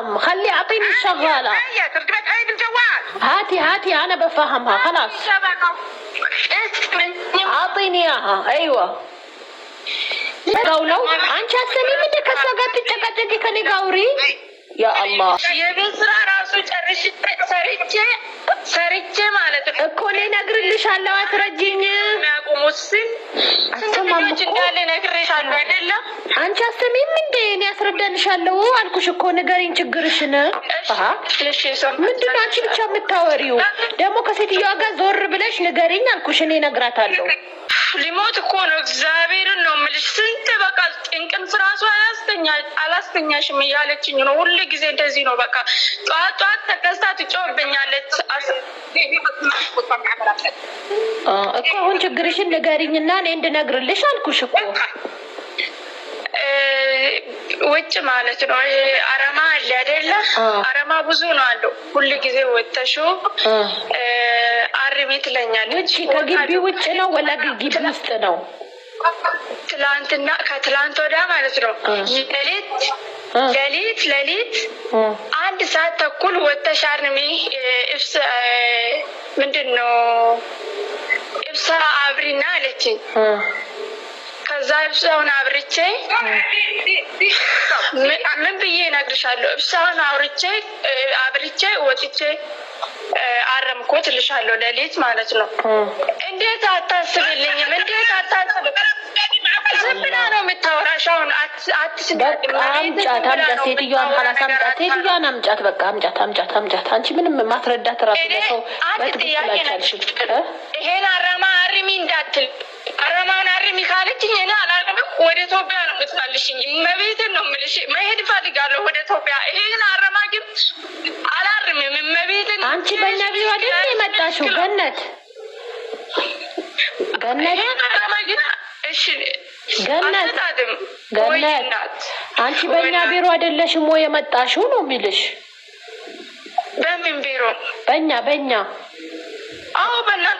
بفهم نعم. خلي اعطيني الشغاله هي ترجمت هاي بالجوال هاتي هاتي انا بفهمها خلاص اعطيني اياها ايوه قولوا انت سامي منك سقطت تكتكي كاني قوري يا الله يا بسرعة راسو ترشت سرتش سرتش مالتك اكوني نقرد لشان لو اترجيني ناقو مسي اتسمى ነግሬሻለሁ አይደለም። አንቺ አሰሚም እንዴ? እኔ አስረዳንሻለሁ አልኩሽ እኮ ንገሪኝ ችግርሽን። ምንድን ነው አንቺ ብቻ የምታወሪው ደግሞ? ከሴትዮዋ ጋር ዞር ብለሽ ንገሪኝ አልኩሽ። እኔ እነግራታለሁ ሊሞት እኮ ነው። እግዚአብሔርን ነው የምልሽ። ስንት በቃ ፍራሱ አላስተኛ አላስተኛሽም እያለችኝ ነው። ሁሉ ጊዜ እንደዚህ ነው። በቃ ጠዋት ጠዋት ተከስታ ትጮህብኛለች። እኮ አሁን ችግርሽን ንገሪኝና እኔ እንድነግርልሽ አልኩሽ እኮ ውጭ ማለት ነው። አረማ አለ አይደለ? አረማ ብዙ ነው አለው ሁሉ ጊዜ ወተሹ ቤት ለኛ ልጅ ከግቢ ውጭ ነው ወላ ግቢ ውስጥ ነው? ትላንትና ከትላንት ወዳ ማለት ነው ሌሊት ሌሊት ሌሊት አንድ ሰዓት ተኩል ወጥተሽ አርሚ እብስ ምንድን ነው እብሳ አብሪና አለችኝ። ከዛ እብሳውን አብርቼ ምን ብዬ እነግርሻለሁ? እብሳውን አውርቼ አብርቼ ወጥቼ አረምኩት ልሻለሁ ለሌት ማለት ነው። እንዴት አታስብልኝም? እንዴት አታስብ ዝም ብላ ነው የምታወራሽ። አሁን አምጫት አምጫት፣ ሴትዮዋን ላስ አምጫት፣ ሴትዮዋን አምጫት፣ በቃ አምጫት፣ አምጫት፣ አምጫት። አንቺ ምንም ማስረዳት ራሱ ለሰው በትግስት ላቻልሽ ይሄን አረማ አርሚ እንዳትል አታስቀርሚ ካለችኝ እኔ አላቅም። ወደ ኢትዮጵያ ነው የምትመልሽኝ። መቤትን ነው የምልሽ። መሄድ ፈልጋለሁ ወደ ኢትዮጵያ። ይሄን አረማግም አላርምም። መቤትን አንቺ በነቢዩ ወደ የመጣሽው? ገነት ገነት ገነት አንቺ በእኛ ቢሮ አይደለሽም ወይ የመጣሽው ነው የሚልሽ። በምን ቢሮ? በእኛ በእኛ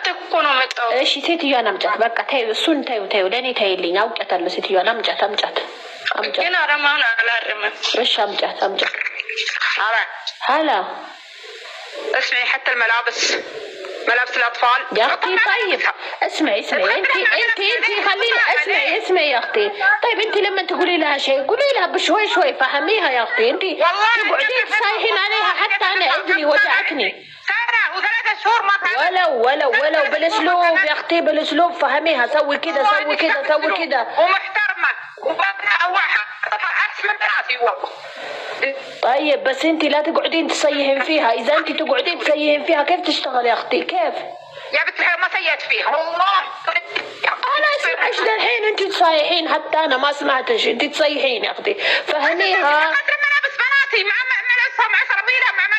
ልጠይቅ እኮ ነው መጣሁ። እሺ ሴትዮዋን አምጫት። በቃ ተይው፣ እሱን ተይው፣ ተይው፣ ለእኔ ተይልኝ። አውቂያታለሁ። ሴትዮዋን አምጫት፣ አምጫት፣ አምጫት። ግን አረማውን አላርምም። እሺ አምጫት፣ አምጫት። ሀላ اسمعي حتى الملابس ملابس الاطفال يا اختي طيب اسمعي اسمعي انت انت انت خليني اسمعي اسمعي يا اختي طيب انت لما تقولي لها شيء قولي لها بشوي شوي فهميها يا اختي انت تقعدين تصايحين عليها حتى انا اذني وجعتني شهور ما تعرف ولو ولو ولو بالاسلوب يا اختي بالاسلوب فهميها سوي كذا سوي كذا سوي كذا ومحترمه وبطلعها ارس من راسي والله طيب بس انت لا تقعدين تسيهن فيها اذا انت تقعدين تسيهن فيها كيف تشتغل يا اختي كيف يا بنت ما سيت فيها والله انا ايش الحين انت تصيحين حتى انا ما سمعتش انت تصيحين يا اختي فهميها قدر ملابس بناتي مع ملابسهم مع مع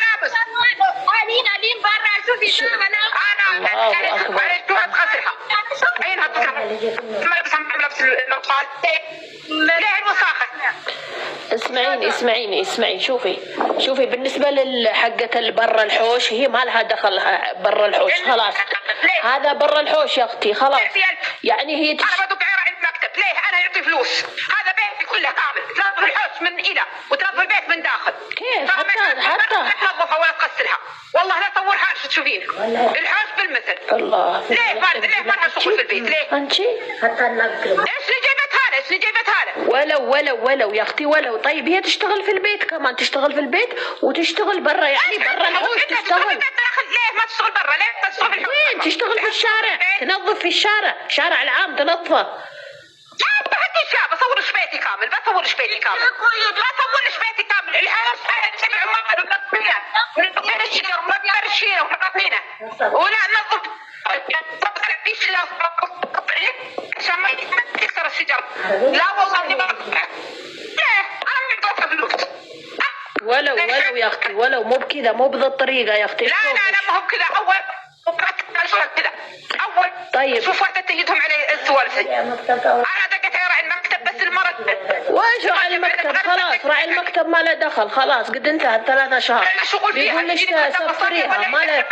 اسمعيني اسمعيني اسمعي شوفي شوفي بالنسبة اللي برا الحوش هي ما لها دخل آه، برا الحوش خلاص هذا برا الحوش يا اختي خلاص يعني هي تش... انا بدق عيره عند مكتب ليه انا يعطي فلوس هذا بيتي كله كامل تنظف الحوش من الى وتنظف البيت من داخل كيف حتى حتى تنظفها ولا تغسلها والله لا طورها عشان تشوفين الحوش بالمثل الله ليه ما ليه ما لها شغل في البيت ليه؟ انت حتى ايش نفسي جايبتها لك ولو ولو ولو يا اختي ولو طيب هي تشتغل في البيت كمان تشتغل في البيت وتشتغل برا يعني برا الحوش تشتغل ليه ما تشتغل برا ليه تشتغل في الحوش وين تشتغل في الشارع تنظف في الشارع شارع العام تنظفه كامل ما تطولش بيتي كامل ما تطولش بيتي كامل الآن سبع مرات منظفينه منظفين الشجر وما ومنظفينه ولا نظف ما تعرفيش لا عشان ما يكسر الشجر لا والله اني ما لا انا ما فلوس ولو ولو يا اختي ولو مو بكذا مو بذا الطريقه يا اختي لا لا لا مو بكذا اول كذا اول طيب شوف واحده تهدهم علي السوالف انا وايش راعي المكتب خلاص راعي المكتب ما له دخل خلاص قد انتهى الثلاث اشهر بيقول لك سفريها ما له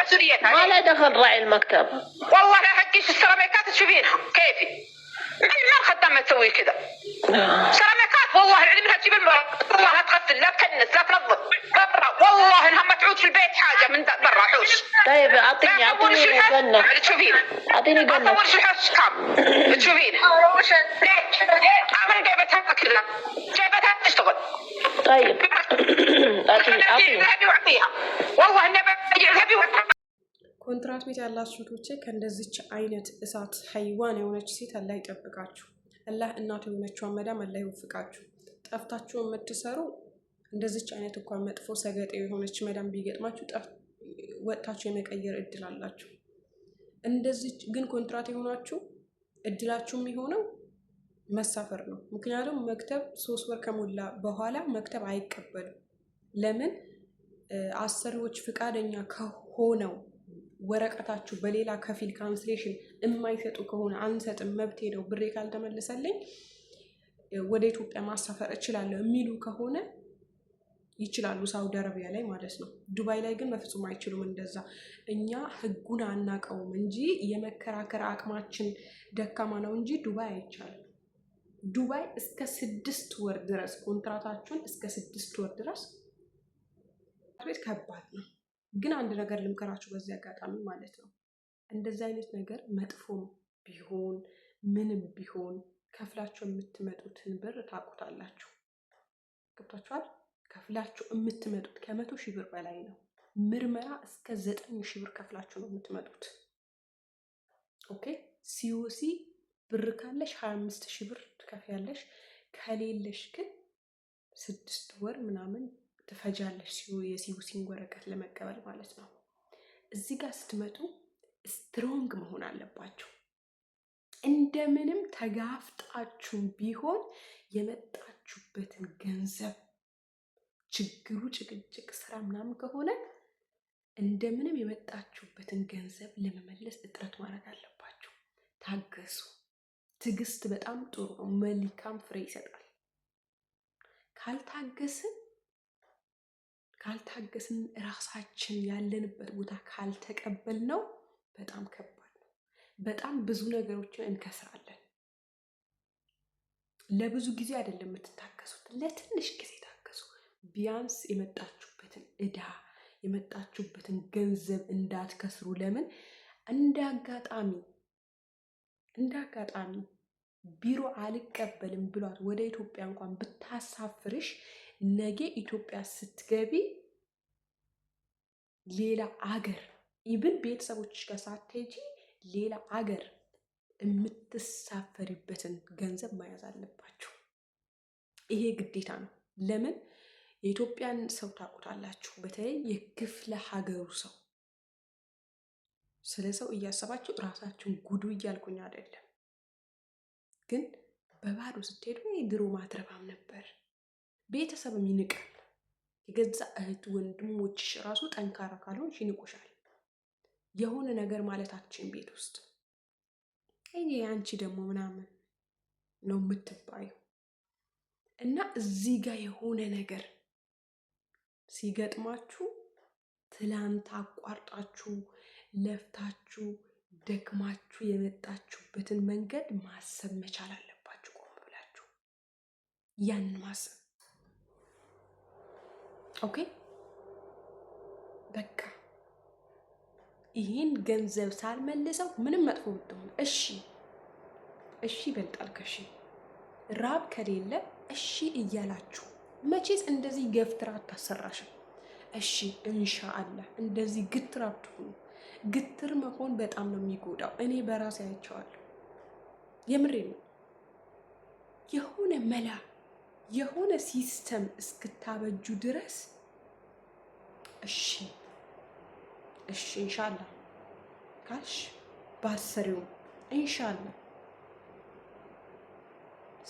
ما له دخل راعي المكتب والله لا حقيش السيراميكات تشوفينها كيفي ما الخدامه تسوي كذا آه. سيراميك والله العظيم انها تجيب الماء والله لا تغسل لا تكنس لا تنظف والله انها ما تعود في البيت حاجه من برا حوش طيب اعطيني اعطيني جنة تشوفين اعطيني جنة ما تصورش الحوش كام تشوفين انا جايبتها كلها جايبتها تشتغل طيب اعطيني اعطيني والله اني بجي ذهبي ኮንትራት ቤት ያላችሁ እህቶቼ ከእንደዚች አይነት እሳት ሀይዋን የሆነች ሴት አላህ ይጠብቃችሁ። አላህ እናቱ የሆነችዋን መዳም አላህ ይወፍቃችሁ። ጠፍታችሁ የምትሰሩ እንደዚች አይነት እንኳን መጥፎ ሰገጤ የሆነች መዳም ቢገጥማችሁ ወጥታችሁ የመቀየር እድል አላችሁ። እንደዚች ግን ኮንትራት የሆናችሁ እድላችሁ የሚሆነው መሳፈር ነው። ምክንያቱም መክተብ ሶስት ወር ከሞላ በኋላ መክተብ አይቀበሉም። ለምን አሰሪዎች ፍቃደኛ ከሆነው ወረቀታችሁ በሌላ ከፊል ካንስሌሽን የማይሰጡ ከሆነ አንሰጥም፣ መብቴ ነው፣ ብሬ ካልተመለሰልኝ ወደ ኢትዮጵያ ማሳፈር እችላለሁ የሚሉ ከሆነ ይችላሉ፣ ሳውዲ አረቢያ ላይ ማለት ነው። ዱባይ ላይ ግን በፍጹም አይችሉም። እንደዛ እኛ ህጉን አናቀውም እንጂ የመከራከር አቅማችን ደካማ ነው እንጂ ዱባይ አይቻልም። ዱባይ እስከ ስድስት ወር ድረስ ኮንትራታችሁን እስከ ስድስት ወር ድረስ ቤት ከባድ ነው። ግን አንድ ነገር ልምከራችሁ በዚህ አጋጣሚ ማለት ነው። እንደዚህ አይነት ነገር መጥፎም ቢሆን ምንም ቢሆን ከፍላችሁ የምትመጡትን ብር ታውቁታላችሁ። ገብቷችኋል? ከፍላችሁ የምትመጡት ከመቶ ሺህ ብር በላይ ነው። ምርመራ እስከ ዘጠኝ ሺህ ብር ከፍላችሁ ነው የምትመጡት። ኦኬ ሲዩሲ ብር ካለሽ ሀያ አምስት ሺህ ብር ትከፍያለሽ። ከሌለሽ ግን ስድስት ወር ምናምን ትፈጃለሽ የሲቡሲን ወረቀት ለመቀበል ማለት ነው። እዚህ ጋር ስትመጡ ስትሮንግ መሆን አለባችሁ። እንደምንም ተጋፍጣችሁ ቢሆን የመጣችሁበትን ገንዘብ ችግሩ ጭቅጭቅ፣ ስራ ምናምን ከሆነ እንደምንም የመጣችሁበትን ገንዘብ ለመመለስ እጥረት ማድረግ አለባችሁ። ታገሱ። ትዕግስት በጣም ጥሩ ነው፣ መልካም ፍሬ ይሰጣል። ካልታገስን ካልታገስን፣ ራሳችን ያለንበት ቦታ ካልተቀበል ነው በጣም ከባድ ነው። በጣም ብዙ ነገሮችን እንከስራለን። ለብዙ ጊዜ አይደለም የምትታገሱት፣ ለትንሽ ጊዜ ታገሱ። ቢያንስ የመጣችሁበትን እዳ የመጣችሁበትን ገንዘብ እንዳትከስሩ። ለምን እንደ አጋጣሚ እንደ አጋጣሚ ቢሮ አልቀበልም ብሏት ወደ ኢትዮጵያ እንኳን ብታሳፍርሽ ነገ ኢትዮጵያ ስትገቢ ሌላ አገር ኢብን ቤተሰቦች ጋር ሳትሄጂ ሌላ አገር የምትሳፈሪበትን ገንዘብ መያዝ አለባችሁ። ይሄ ግዴታ ነው። ለምን የኢትዮጵያን ሰው ታውቁታላችሁ፣ በተለይ የክፍለ ሀገሩ ሰው። ስለ ሰው እያሰባችሁ እራሳችሁን ጉዱ እያልኩኝ አይደለም፣ ግን በባዶ ስትሄዱ ድሮ ማትረባም ነበር ቤተሰብም ይንቃል። የገዛ እህት ወንድሞችሽ ራሱ ጠንካራ ካልሆንሽ ይንቁሻል። የሆነ ነገር ማለታችን ቤት ውስጥ እኔ አንቺ ደግሞ ምናምን ነው የምትባዩ እና እዚህ ጋር የሆነ ነገር ሲገጥማችሁ ትላንት አቋርጣችሁ ለፍታችሁ ደክማችሁ የመጣችሁበትን መንገድ ማሰብ መቻል አለባችሁ። ቆም ብላችሁ ያን ማሰብ ኦኬ በቃ ይህን ገንዘብ ሳልመልሰው ምንም መጥፎ ብትሆን እሺ እሺ ይበልጣል ከሺ ራብ ከሌለ እሺ እያላችሁ መቼስ እንደዚህ ገፍትራ አታሰራሽም። እሺ እንሻ እንሻአላህ እንደዚህ ግትር አትሁኑ። ግትር መሆን በጣም ነው የሚጎዳው። እኔ በራሴ አይቼዋለሁ። የምሬ ነው። የሆነ መላ የሆነ ሲስተም እስክታበጁ ድረስ እሺ እሺ ኢንሻአላ ካልሽ ባሰሪው ኢንሻአላ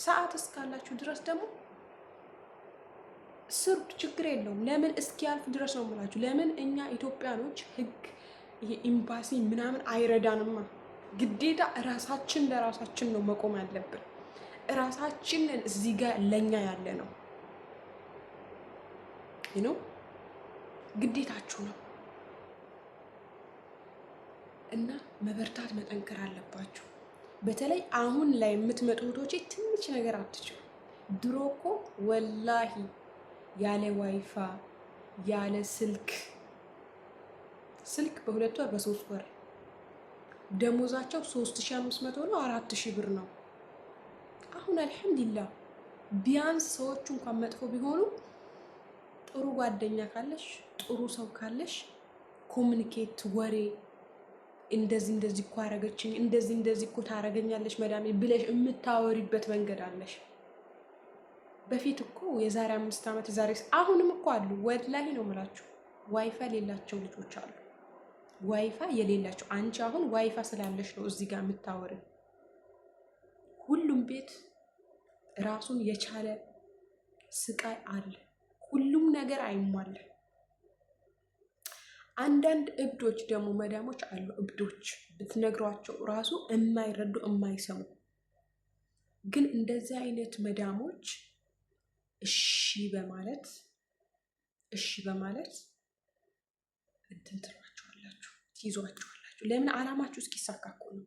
ሰዓት እስካላችሁ ድረስ ደግሞ ስሩት፣ ችግር የለውም። ለምን እስኪያልፍ ድረስ ነው የምላችሁ። ለምን እኛ ኢትዮጵያኖች ህግ ኤምባሲ ምናምን አይረዳንማ። ግዴታ እራሳችን ለራሳችን ነው መቆም ያለብን። እራሳችንን እዚህ ጋር ለእኛ ያለ ነው ነው ግዴታችሁ ነው እና መበርታት መጠንከር አለባችሁ። በተለይ አሁን ላይ የምትመጡ እህቶቼ ትንሽ ነገር አትችሉ። ድሮ እኮ ወላሂ ያለ ዋይፋ ያለ ስልክ ስልክ በሁለት ወር በሶስት ወር ደሞዛቸው 3500 ነው፣ 4000 ብር ነው። አሁን አልሐምዱሊላህ ቢያንስ ሰዎቹ እንኳን መጥፎ ቢሆኑ ጓደኛ ካለሽ፣ ጥሩ ሰው ካለሽ ኮሚኒኬት ወሬ እንደዚህ እንደዚህ እኮ አረገችኝ፣ እንደዚህ እንደዚህ እኮ ታረገኛለች መዳሜ ብለሽ የምታወሪበት መንገድ አለሽ። በፊት እኮ የዛሬ አምስት ዓመት የዛሬ አሁንም እኮ አሉ። ወላሂ ነው የምላችሁ ዋይፋ የሌላቸው ልጆች አሉ። ዋይፋ የሌላቸው አንቺ አሁን ዋይፋ ስላለሽ ነው እዚህ ጋር የምታወሪ። ሁሉም ቤት ራሱን የቻለ ስቃይ አለ። ነገር አይሟላም። አንዳንድ እብዶች ደግሞ መዳሞች አሉ። እብዶች ብትነግሯቸው ራሱ የማይረዱ የማይሰሙ ግን እንደዚህ አይነት መዳሞች እሺ በማለት እሺ በማለት እንትን ትሏቸዋላችሁ፣ ትይዟቸዋላችሁ። ለምን አላማችሁ እስኪሳካ እኮ ነው።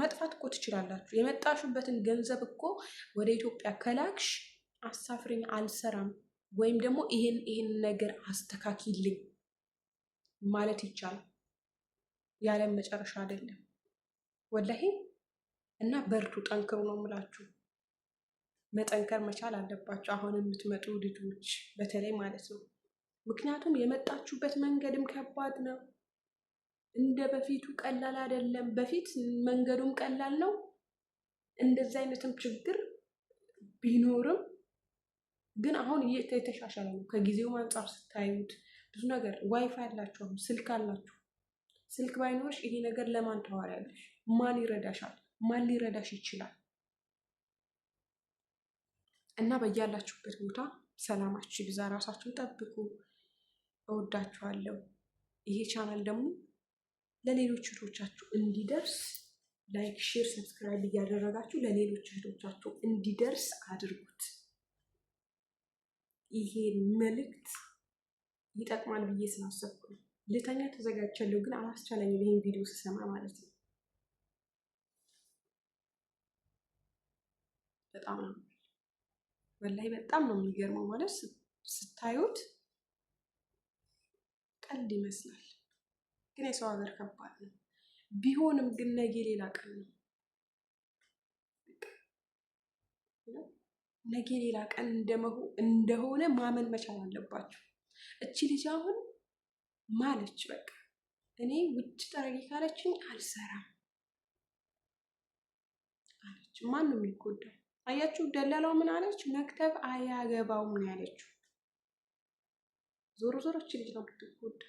መጥፋት እኮ ትችላላችሁ። የመጣሹበትን ገንዘብ እኮ ወደ ኢትዮጵያ ከላክሽ አሳፍሪኝ አልሰራም ወይም ደግሞ ይሄን ይሄን ነገር አስተካኪልኝ ማለት ይቻላል። ያለም መጨረሻ አይደለም ወላሂ። እና በርቱ፣ ጠንክሩ ነው የምላችሁ። መጠንከር መቻል አለባችሁ፣ አሁን የምትመጡ ልጆች በተለይ ማለት ነው። ምክንያቱም የመጣችሁበት መንገድም ከባድ ነው፣ እንደ በፊቱ ቀላል አይደለም። በፊት መንገዱም ቀላል ነው፣ እንደዚህ አይነትም ችግር ቢኖርም ግን አሁን የተሻሻለ ነው። ከጊዜው አንጻር ስታዩት ብዙ ነገር ዋይፋይ አላችሁ፣ ስልክ አላችሁ። ስልክ ባይኖርሽ ይሄ ነገር ለማን ታወሪያለሽ? ማን ይረዳሻል? ማን ሊረዳሽ ይችላል? እና በያላችሁበት ቦታ ሰላማችሁ ይብዛ። ራሳችሁን ጠብቁ። እወዳችኋለሁ። ይሄ ቻናል ደግሞ ለሌሎች እህቶቻችሁ እንዲደርስ ላይክ፣ ሼር፣ ሰብስክራይብ እያደረጋችሁ ለሌሎች እህቶቻችሁ እንዲደርስ አድርጉት። ይሄ መልእክት ይጠቅማል ብዬ ስላሰብኩ ነው። ልተኛ ተዘጋጅቻለሁ፣ ግን አላስቻለኝም። ይሄን ቪዲዮ ስሰማ ማለት ነው። በጣም ነው ወላሂ፣ በጣም ነው የሚገርመው። ማለት ስታዩት ቀልድ ይመስላል፣ ግን የሰው ሀገር ከባድ ነው። ቢሆንም ግን ነገ ሌላ ቀን ነው። ነገ ሌላ ቀን እንደሆነ ማመን መቻል አለባችሁ። እቺ ልጅ አሁን ማለች በቃ እኔ ውጭ ጠረጊ ካለችኝ አልሰራም አለች። ማን ነው የሚጎዳው? አያችሁ፣ ደላላው ምን አለች? መክተብ አያገባውም ያለችው። ዞሮ ዞሮ እቺ ልጅ ነው የምትጎዳ።